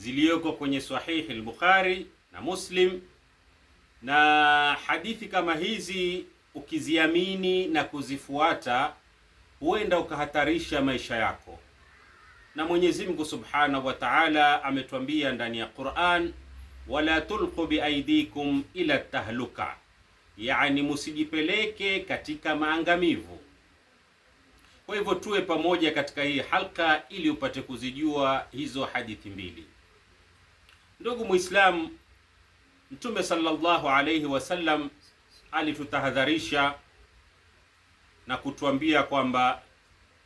ziliyoko kwenye sahihi al-Bukhari na Muslim, na hadithi kama hizi ukiziamini na kuzifuata huenda ukahatarisha maisha yako, na Mwenyezi Mungu Subhanahu wa Ta'ala ametuambia ndani ya Qur'an, wala tulqu biaidikum ila tahluka, yani musijipeleke katika maangamivu. Kwa hivyo tuwe pamoja katika hii halka ili upate kuzijua hizo hadithi mbili. Ndugu Muislamu, Mtume sallallahu alayhi wasallam alitutahadharisha na kutuambia kwamba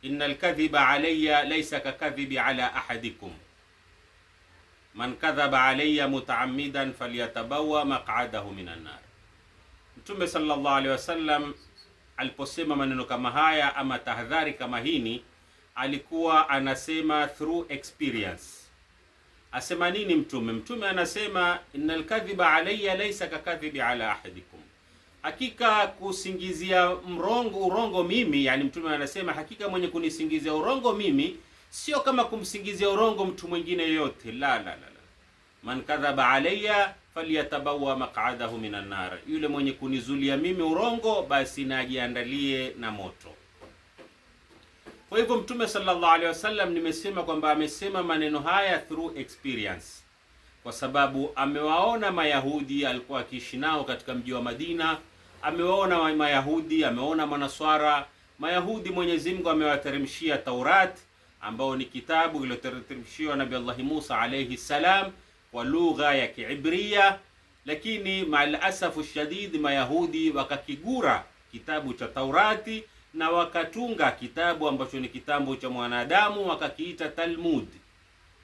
innal kadhiba alayya laysa kakadhibi ala ahadikum man kadhaba alayya mutaammidan falyatabawa maq'adahu minan nar. Mtume sallallahu alayhi wasallam aliposema maneno kama haya ama tahadhari kama hini, alikuwa anasema through experience asema nini mtume? Mtume anasema innal kadhiba alayya laysa kakadhibi ala ahadikum, hakika kusingizia mrongo urongo mimi, yani mtume anasema hakika mwenye kunisingizia urongo mimi sio kama kumsingizia urongo mtu mwingine yoyote. La, la, la, la. man kadhaba alayya falyatabawa maq'adahu minan nar, yule mwenye kunizulia mimi urongo basi najiandalie na moto. Kwa hivyo Mtume sallallahu alaihi wasallam nimesema kwamba amesema maneno haya through experience, kwa sababu amewaona Mayahudi alikuwa akiishi nao katika mji wa Madina, amewaona Mayahudi, ameona Manaswara. Mayahudi Mwenyezi Mungu amewateremshia Taurat ambao ni kitabu kilioteremshiwa Nabii Allah Musa alayhi salam kwa lugha ya Kiibria, lakini maal asafu shadid Mayahudi wakakigura kitabu cha Taurati na wakatunga kitabu ambacho ni kitabu cha mwanadamu wakakiita Talmud.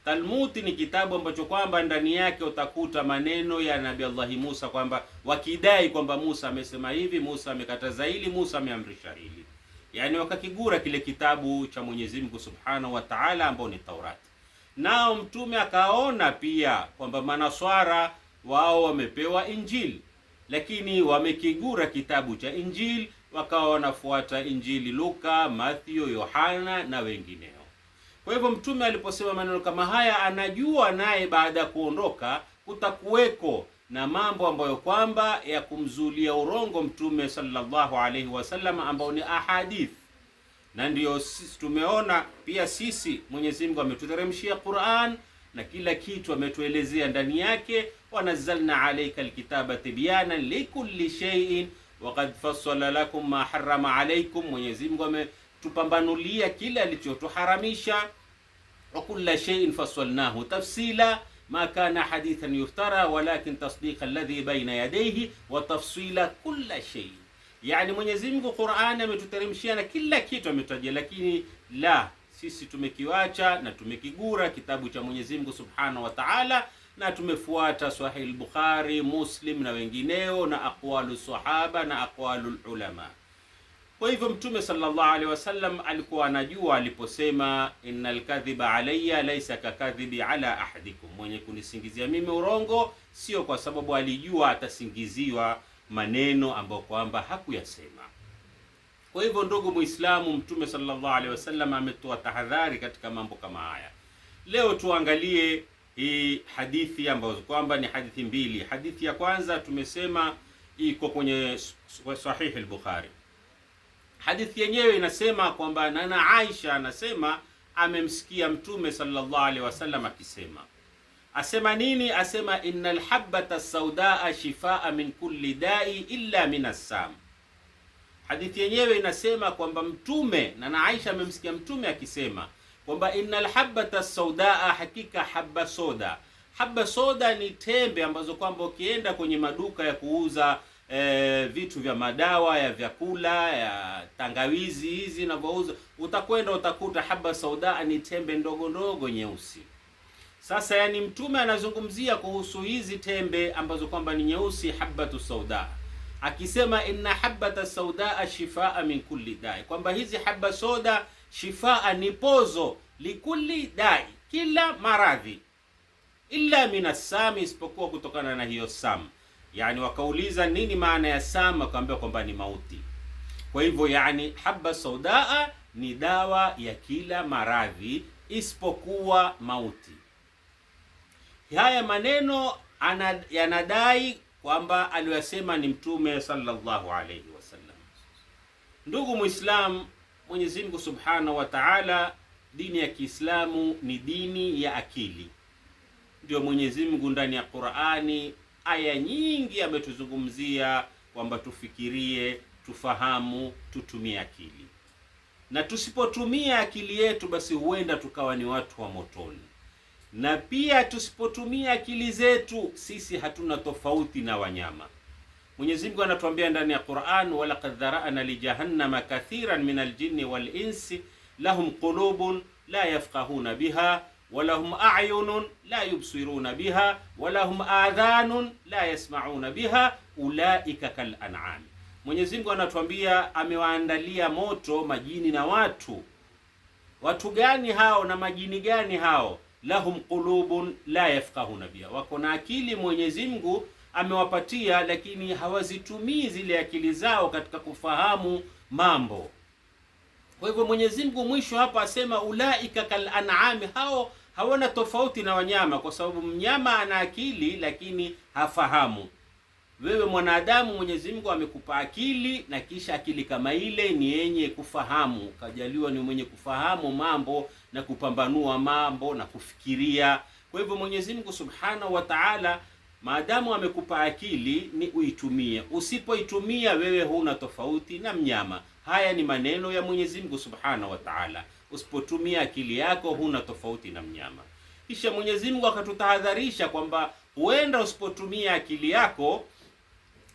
Talmud ni kitabu ambacho kwamba ndani yake utakuta maneno ya Nabii Allahi Musa, kwamba wakidai kwamba Musa amesema hivi, Musa amekataza hili, Musa ameamrisha hili, yaani wakakigura kile kitabu cha Mwenyezi Mungu Subhanahu wa Ta'ala, ambao ni Taurati. Nao mtume akaona pia kwamba manaswara wao wamepewa Injili, lakini wamekigura kitabu cha Injili wakawa wanafuata Injili Luka, Mathayo, Yohana na wengineo. Kwa hivyo mtume aliposema maneno kama haya, anajua naye baada ya kuondoka kutakuweko na mambo ambayo kwamba ya kumzulia urongo mtume sallallahu alaihi wasallam, ambao ni ahadith, na ndiyo sisi tumeona pia sisi, Mwenyezi Mungu ametuteremshia Qur'an na kila kitu ametuelezea ndani yake, wanazalna alaika alkitaba tibyana likulli shay'in waqad fassala lakum ma harrama alaikum, Mwenyezi Mungu ametupambanulia kile alichotuharamisha. Wa kulla shay'in fassalnahu tafsila ma kana hadithan yuftara walakin tasdiqa alladhi bayna yadayhi wa tafsila kulla shay. Yani Mwenyezi Mungu Qur'an ametuteremshia na kila kitu ametaja, lakini la sisi tumekiwacha na tumekigura kitabu cha Mwenyezi Mungu Subhanahu wa Ta'ala na tumefuata Sahih Bukhari, Muslim na wengineo na aqwalu sahaba na aqwalu ulama. Kwa hivyo Mtume sallallahu alaihi wasallam alikuwa anajua aliposema, innal kadhiba alayya laysa kakadhibi ala ahadikum, mwenye kunisingizia mimi urongo sio, kwa sababu alijua atasingiziwa maneno ambayo kwamba hakuyasema. Kwa hivyo ndugu Muislamu, Mtume sallallahu alaihi wasallam ametoa tahadhari katika mambo kama haya. Leo tuangalie hii hadithi ambazo kwamba ni hadithi mbili. Hadithi ya kwanza tumesema iko kwenye sahihi al-Bukhari. Hadithi yenyewe inasema kwamba nana Aisha anasema amemsikia Mtume sallallahu alaihi wasallam akisema, asema nini? Asema innal habbata saudaa shifaa min kulli dai illa min assam. Hadithi yenyewe inasema kwamba Mtume nana Aisha amemsikia Mtume akisema kwamba innal habata saudaa, hakika haba soda. Haba soda ni tembe ambazo kwamba ukienda kwenye maduka ya kuuza e, vitu vya madawa ya vyakula ya tangawizi hizi inavyouza, utakwenda utakuta haba saudaa ni tembe ndogo ndogo nyeusi. Sasa yani, Mtume anazungumzia kuhusu hizi tembe ambazo kwamba ni nyeusi, habatu sauda, akisema inna habata sauda shifaa min kulli dai, kwamba hizi haba soda shifaa ni pozo, likuli dai, kila maradhi, illa minasami, isipokuwa kutokana na hiyo sam. Yani wakauliza nini maana ya sam, wakaambiwa kwamba ni mauti. Kwa hivyo, yani haba saudaa ni dawa ya kila maradhi isipokuwa mauti. Haya maneno yanadai kwamba aliyosema ni Mtume sallallahu alayhi wasallam. Ndugu Muislamu, Mwenyezi Mungu Subhanahu wa Ta'ala, dini ya Kiislamu ni dini ya akili. Ndio Mwenyezi Mungu ndani ya Qur'ani aya nyingi ametuzungumzia kwamba tufikirie, tufahamu, tutumie akili, na tusipotumia akili yetu, basi huenda tukawa ni watu wa motoni. Na pia tusipotumia akili zetu, sisi hatuna tofauti na wanyama. Mwenyezi Mungu anatuambia ndani ya Qur'an, walaqad dhara'na li jahannama kathiran min aljinni wal insi lahum qulubun la yafqahuna biha walahum a'yunun la yubsiruna biha walahum adhanun la yasma'una biha ulaika kal an'am. Mwenyezi Mungu anatuambia amewaandalia moto majini na watu. Watu gani hao na majini gani hao? Lahum qulubun la yafqahuna biha, wako na akili Mwenyezi Mungu amewapatia, lakini hawazitumii zile akili zao katika kufahamu mambo. Kwa hivyo Mwenyezi Mungu mwisho hapa asema ulaika kal an'ami, hao hawana tofauti na wanyama, kwa sababu mnyama ana akili lakini hafahamu. Wewe mwanadamu, Mwenyezi Mungu amekupa akili na kisha akili kama ile ni yenye kufahamu, kajaliwa ni mwenye kufahamu mambo na kupambanua mambo na kufikiria. Kwa hivyo Mwenyezi Mungu Subhanahu wa Ta'ala Maadamu amekupa akili ni uitumie, usipoitumia wewe huna tofauti na mnyama. Haya ni maneno ya Mwenyezi Mungu Subhanahu wa Ta'ala. Usipotumia akili yako huna tofauti na mnyama. Kisha Mwenyezi Mungu akatutahadharisha kwamba huenda usipotumia akili yako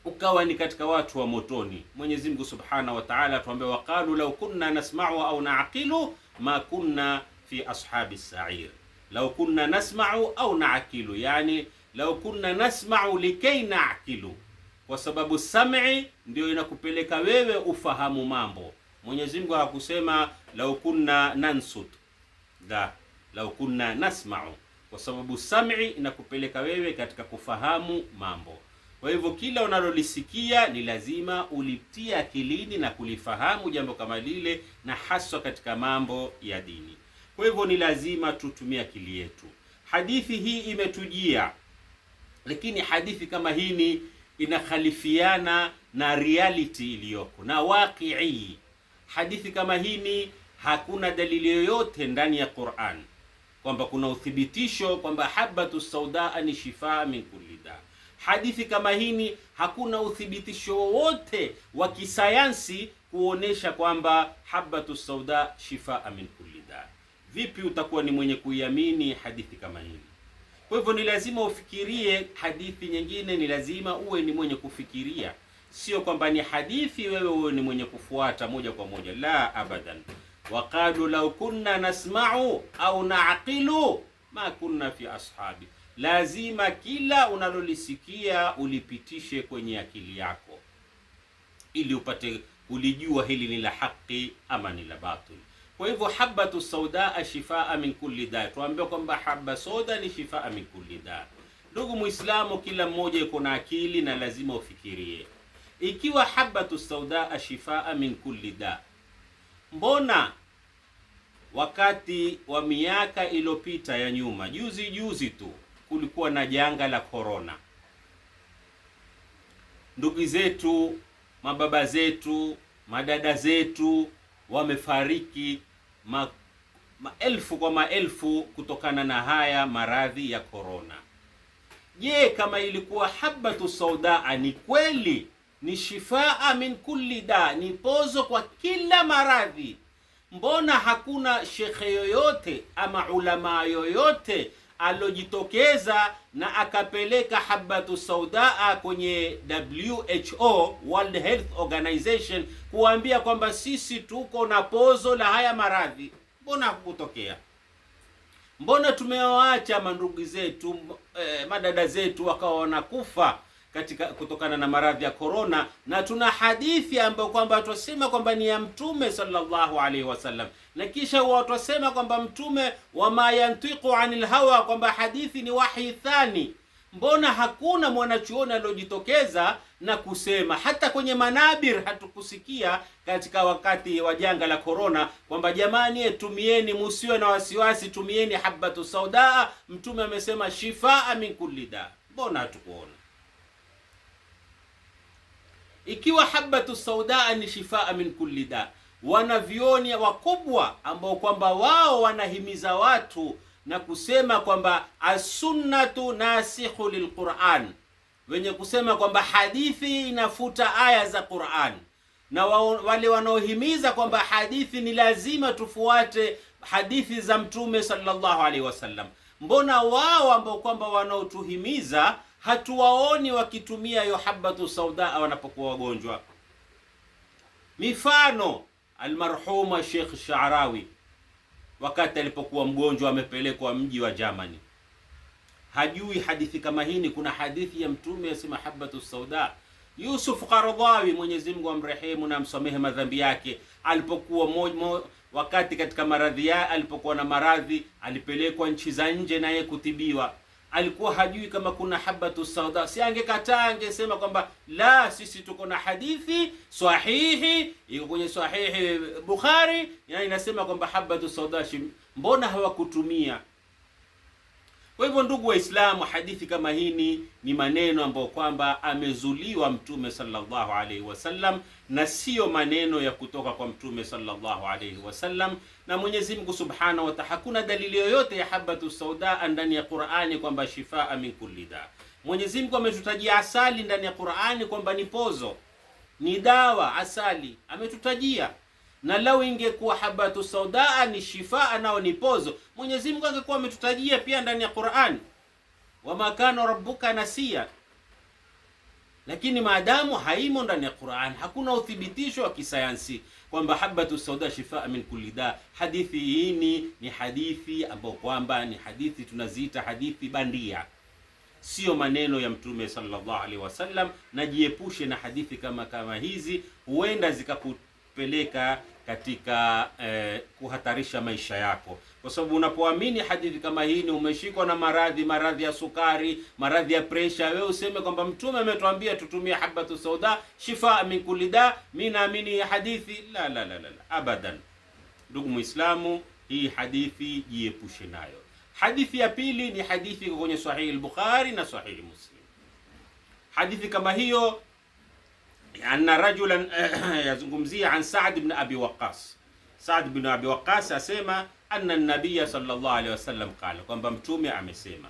ukawa ni katika watu wa motoni. Mwenyezi Mungu Subhanahu wa Ta'ala atuambia, waqalu law kunna nasma'u au na'qilu ma kunna fi ashabi sair, law kunna nasma'u au na'qilu yani lau kunna nasma'u likay na'qilu, kwa sababu sam'i ndio inakupeleka wewe ufahamu mambo. Mwenyezi Mungu hakusema lau kunna nansut da lau kunna nasma'u, kwa sababu sam'i inakupeleka wewe katika kufahamu mambo. Kwa hivyo kila unalolisikia ni lazima ulitie akilini na kulifahamu jambo kama lile, na haswa katika mambo ya dini. Kwa hivyo ni lazima tutumie akili yetu. Hadithi hii imetujia lakini hadithi kama hii inakhalifiana na reality iliyoko na waqi'i. Hadithi kama hii hakuna dalili yoyote ndani ya Qur'an kwamba kuna uthibitisho kwamba habatu saudaa ni shifaa min kulli da. Hadithi kama hii hakuna uthibitisho wowote wa kisayansi kuonesha kwamba habatu sauda shifa min kulli da. Vipi utakuwa ni mwenye kuiamini hadithi kama hii? Kwa hivyo ni lazima ufikirie hadithi nyingine, ni lazima uwe ni mwenye kufikiria, sio kwamba ni hadithi wewe uwe ni mwenye kufuata moja kwa moja, la abadan. Waqalu law kunna nasma'u au na'qilu ma kunna fi ashabi. Lazima kila unalolisikia ulipitishe kwenye akili yako ili upate kulijua hili ni la haki ama ni la batili. Kwa hivyo habatu saudaa shifaa min kulli dha, tuambiwa kwamba haba soda ni shifaa min kulli Ndugu Muislamu, kila mmoja iko na akili na lazima ufikirie, ikiwa habatu saudaa shifaa min kulli da, mbona wakati wa miaka iliyopita ya nyuma, juzi juzi tu kulikuwa na janga la korona. Ndugu zetu, mababa zetu, madada zetu wamefariki ma, maelfu kwa maelfu kutokana na haya maradhi ya korona. Je, kama ilikuwa habatu saudaa ni kweli ni shifaa min kulli da, ni pozo kwa kila maradhi, mbona hakuna shekhe yoyote ama ulamaa yoyote alojitokeza na akapeleka habatu saudaa kwenye WHO, World Health Organization, kuambia kwamba sisi tuko na pozo la haya maradhi. Mbona hakutokea? Mbona tumewaacha mandugu zetu eh, madada zetu wakawa wanakufa katika kutokana na maradhi ya korona, na tuna hadithi ambayo kwamba twasema kwamba ni ya Mtume sallallahu alaihi wasallam, na kisha watwasema kwamba Mtume wa yantiqu anil hawa, kwamba hadithi ni wahi thani. Mbona hakuna mwanachuoni aliyojitokeza na kusema? Hata kwenye manabir hatukusikia katika wakati wa janga la korona kwamba jamani, tumieni, musiwe na wasiwasi, tumieni habatu saudaa. Mtume amesema shifaa min kulli da. Mbona hatukuona? Ikiwa habatu saudaa ni shifaa min kulli da, wanavyoni wakubwa ambao kwamba wao wanahimiza watu na kusema kwamba assunnatu nasikhu lilquran, wenye kusema kwamba hadithi inafuta aya za Quran na wale wanaohimiza kwamba hadithi ni lazima tufuate hadithi za Mtume sallallahu alaihi wasallam. Mbona wao ambao kwamba wanaotuhimiza hatuwaoni wakitumia hiyo habatu sauda wanapokuwa wagonjwa. Mifano, almarhuma Sheikh Sharawi wakati alipokuwa mgonjwa amepelekwa mji wa Germany, hajui hadithi kama hii. Kuna hadithi ya Mtume asema habatu sauda Yusuf Qaradawi, Mwenyezi Mungu amrehemu na amsamehe madhambi yake, alipokuwa mo, mo, wakati katika maradhi yake, alipokuwa na maradhi alipelekwa nchi za nje naye kutibiwa alikuwa hajui kama kuna habatu sauda, si angekataa, angesema kwamba la, sisi tuko na hadithi sahihi, iko kwenye sahihi Bukhari, yani inasema kwamba habatu sauda. Mbona hawakutumia kwa hivyo ndugu Waislamu, hadithi kama hii ni maneno ambayo kwamba amezuliwa Mtume sallallahu alaihi wasallam, na siyo maneno ya kutoka kwa Mtume sallallahu alaihi wasallam. Na Mwenyezi Mungu subhanahu wa ta'ala, hakuna dalili yoyote ya habatu sauda ndani ya Qur'ani kwamba shifaa min kulli da. Mwenyezi Mungu ametutajia asali ndani ya Qur'ani kwamba ni pozo, ni dawa. Asali ametutajia na lau ingekuwa habatu saudaa ni shifaa, nao ni pozo, Mwenyezi Mungu angekuwa ametutajia pia ndani ya Qur'an, wa kana rabbuka nasia. Lakini maadamu haimo ndani ya Qur'an, hakuna uthibitisho wa kisayansi kwamba habatu sauda shifaa min kulli da. Hadithi hii ni, ni hadithi ambayo kwamba ni hadithi tunaziita hadithi bandia Sio maneno ya Mtume sallallahu alaihi wasallam. Najiepushe na hadithi kama kama hizi, huenda zikakupeleka katika eh, kuhatarisha maisha yako, kwa sababu unapoamini hadithi kama hii ni umeshikwa na maradhi, maradhi ya sukari, maradhi ya presha, wewe useme kwamba Mtume ametuambia tutumie habatu sauda shifa min kulli da, mimi naamini hadithi la, la, la, la, la, abadan. Ndugu Muislamu, hii hadithi jiepushe nayo. Hadithi ya pili ni hadithi kwenye Sahihi al-Bukhari na Sahihi Muslim. Hadithi kama hiyo anna rajulan yazungumzia an Saad ibn Abi Waqqas. Saad ibn Abi Waqqas asema anna nabiya sallallahu alaihi wasallam qala, kwamba mtume amesema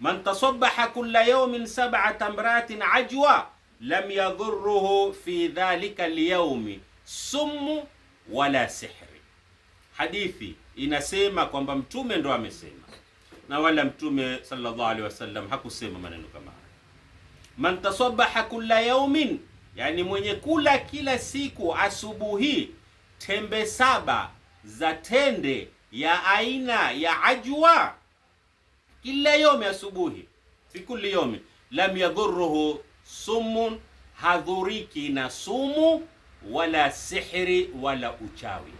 man tasabbaha kulla yawmin sab'a tamratin ajwa lam yadhurruhu fi dhalika alyawmi summu wala sihri. Hadithi inasema kwamba mtume ndo amesema, na wala mtume sallallahu alaihi wasallam hakusema maneno kama haya. Man tasabbaha kulla yawmin yaani mwenye kula kila siku asubuhi tembe saba za tende ya aina ya ajwa kila yomi asubuhi, fi kulli yomi, lam yadhuruhu sumun, hadhuriki na sumu wala sihri wala uchawi.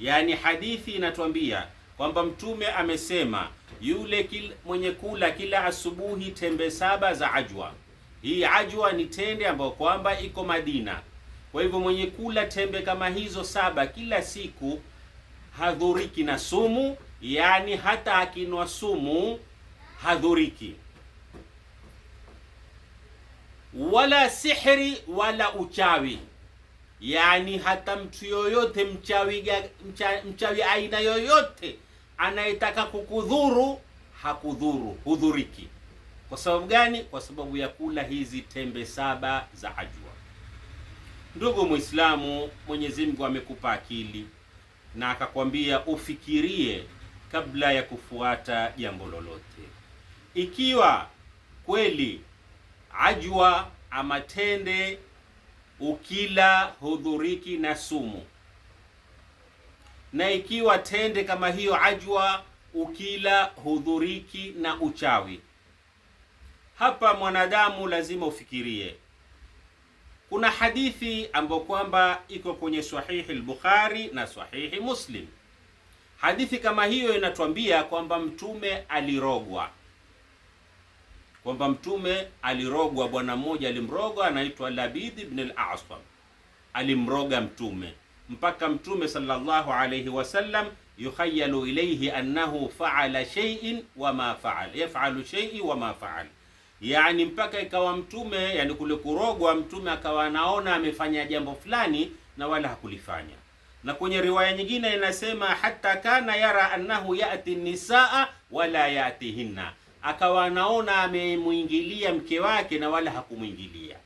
yani hadithi inatuambia kwamba Mtume amesema yule kil, mwenye kula kila asubuhi tembe saba za ajwa hii ajwa ni tende ambayo kwamba iko Madina. Kwa hivyo mwenye kula tembe kama hizo saba kila siku hadhuriki na sumu, yaani hata akinwa sumu hadhuriki, wala sihiri wala uchawi, yaani hata mtu yoyote mchawi, mcha, mchawi aina yoyote anayetaka kukudhuru hakudhuru, hudhuriki. Kwa sababu gani? Kwa sababu ya kula hizi tembe saba za ajwa. Ndugu Muislamu, Mwenyezi Mungu amekupa akili na akakwambia ufikirie kabla ya kufuata jambo lolote. Ikiwa kweli ajwa ama tende ukila hudhuriki na sumu, na ikiwa tende kama hiyo ajwa ukila hudhuriki na uchawi hapa mwanadamu lazima ufikirie. Kuna hadithi ambayo kwamba iko kwenye sahihi al-Bukhari na sahihi Muslim. Hadithi kama hiyo inatuambia kwamba mtume alirogwa, kwamba mtume alirogwa. Bwana mmoja alimroga, anaitwa Labid ibn al-Aswam, alimroga mtume mpaka mtume sallallahu alayhi wasallam yukhayalu ilayhi annahu faala shay'in wa ma faal yafalu shay'in wa ma faal yani mpaka ikawa mtume, yani kule kurogwa mtume akawa anaona amefanya jambo fulani na wala hakulifanya. Na kwenye riwaya nyingine inasema hata kana yara annahu yati nisaa wala yatihinna, akawa anaona amemwingilia mke wake na wala hakumwingilia.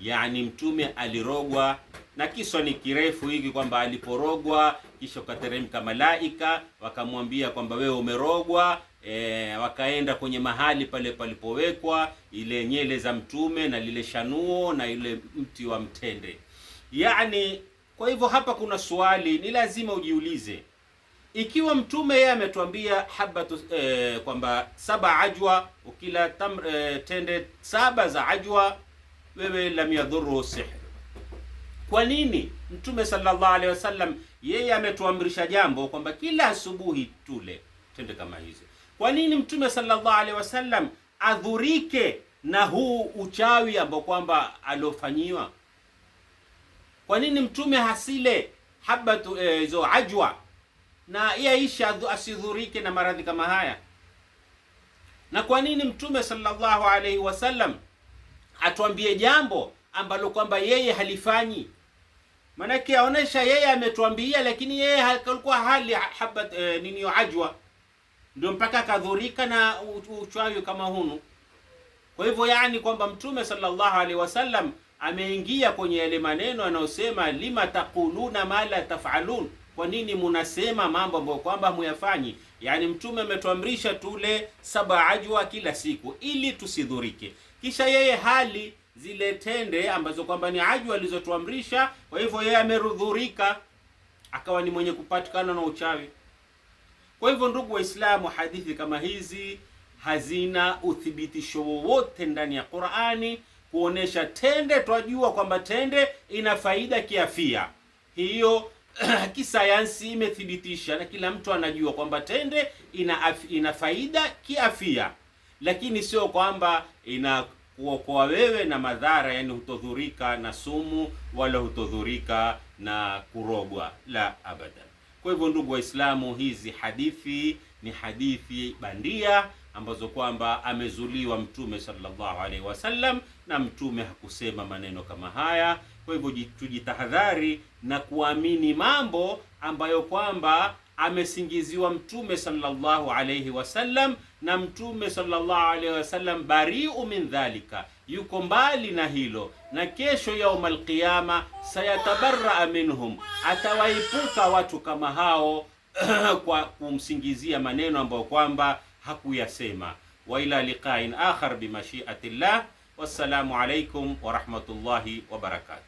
Yani mtume alirogwa, na kiswa ni kirefu hiki kwamba aliporogwa kisha ukateremka malaika wakamwambia kwamba wewe umerogwa e, wakaenda kwenye mahali pale palipowekwa ile nyele za mtume na lile shanuo na ile mti wa mtende. yani kwa hivyo hapa kuna swali ni lazima ujiulize, ikiwa mtume yeye ametuambia habatu e, kwamba saba ajwa ukila tam, e, tende saba za ajwa wewe lam yadhuru sihr. Kwa nini mtume sallallahu alaihi wasallam yeye ametuamrisha jambo kwamba kila asubuhi tule tende kama hizo? Kwa nini Mtume sallallahu alaihi wasallam adhurike na huu uchawi ambao kwamba aliofanyiwa? Kwa nini Mtume hasile habatu eh, hizo eh, ajwa na yaishi asidhurike na maradhi kama haya? Na kwa nini Mtume sallallahu alaihi wasallam atuambie jambo ambalo kwamba yeye halifanyi? Maanake aonesha yeye ametuambia, lakini yeye alikuwa hali habat eh, nini ajwa ndio mpaka akadhurika na uchawi kama hunu. Kwa hivyo, yani kwamba Mtume sallallahu alaihi wasallam ameingia kwenye yale maneno anayosema, lima taquluna ma la tafalun, kwa nini munasema mambo ambayo kwamba muyafanyi? Yani Mtume ametuamrisha tule saba ajwa kila siku ili tusidhurike, kisha yeye hali zile tende ambazo kwamba ni ajwa alizotuamrisha. Kwa hivyo, yeye amedhurika, akawa ni mwenye kupatikana na uchawi. Kwa hivyo, ndugu Waislamu, hadithi kama hizi hazina uthibitisho wowote ndani ya Qur'ani kuonesha tende. Twajua kwamba tende ina faida kiafia, hiyo kisayansi imethibitisha na kila mtu anajua kwamba tende ina, ina faida kiafia, lakini sio kwamba ina wewe na madhara, yani hutodhurika na sumu wala hutodhurika na kurogwa, la abada. Kwa hivyo, ndugu Waislamu, hizi hadithi ni hadithi bandia ambazo kwamba amezuliwa Mtume sallallahu alaihi wasallam, na Mtume hakusema maneno kama haya. Kwa hivyo, tujitahadhari na kuamini mambo ambayo kwamba amesingiziwa Mtume sallallahu alaihi wasallam na Mtume sallallahu alaihi wasallam bariu min dhalika, yuko mbali na hilo, na kesho yaumul qiyama sayatabaraa minhum, atawaepuka watu kama hao kwa kumsingizia maneno ambayo kwamba hakuyasema. Wa ila liqa'in akhar bimashiatillah, wassalamu alaikum wa rahmatullahi wa barakatuh.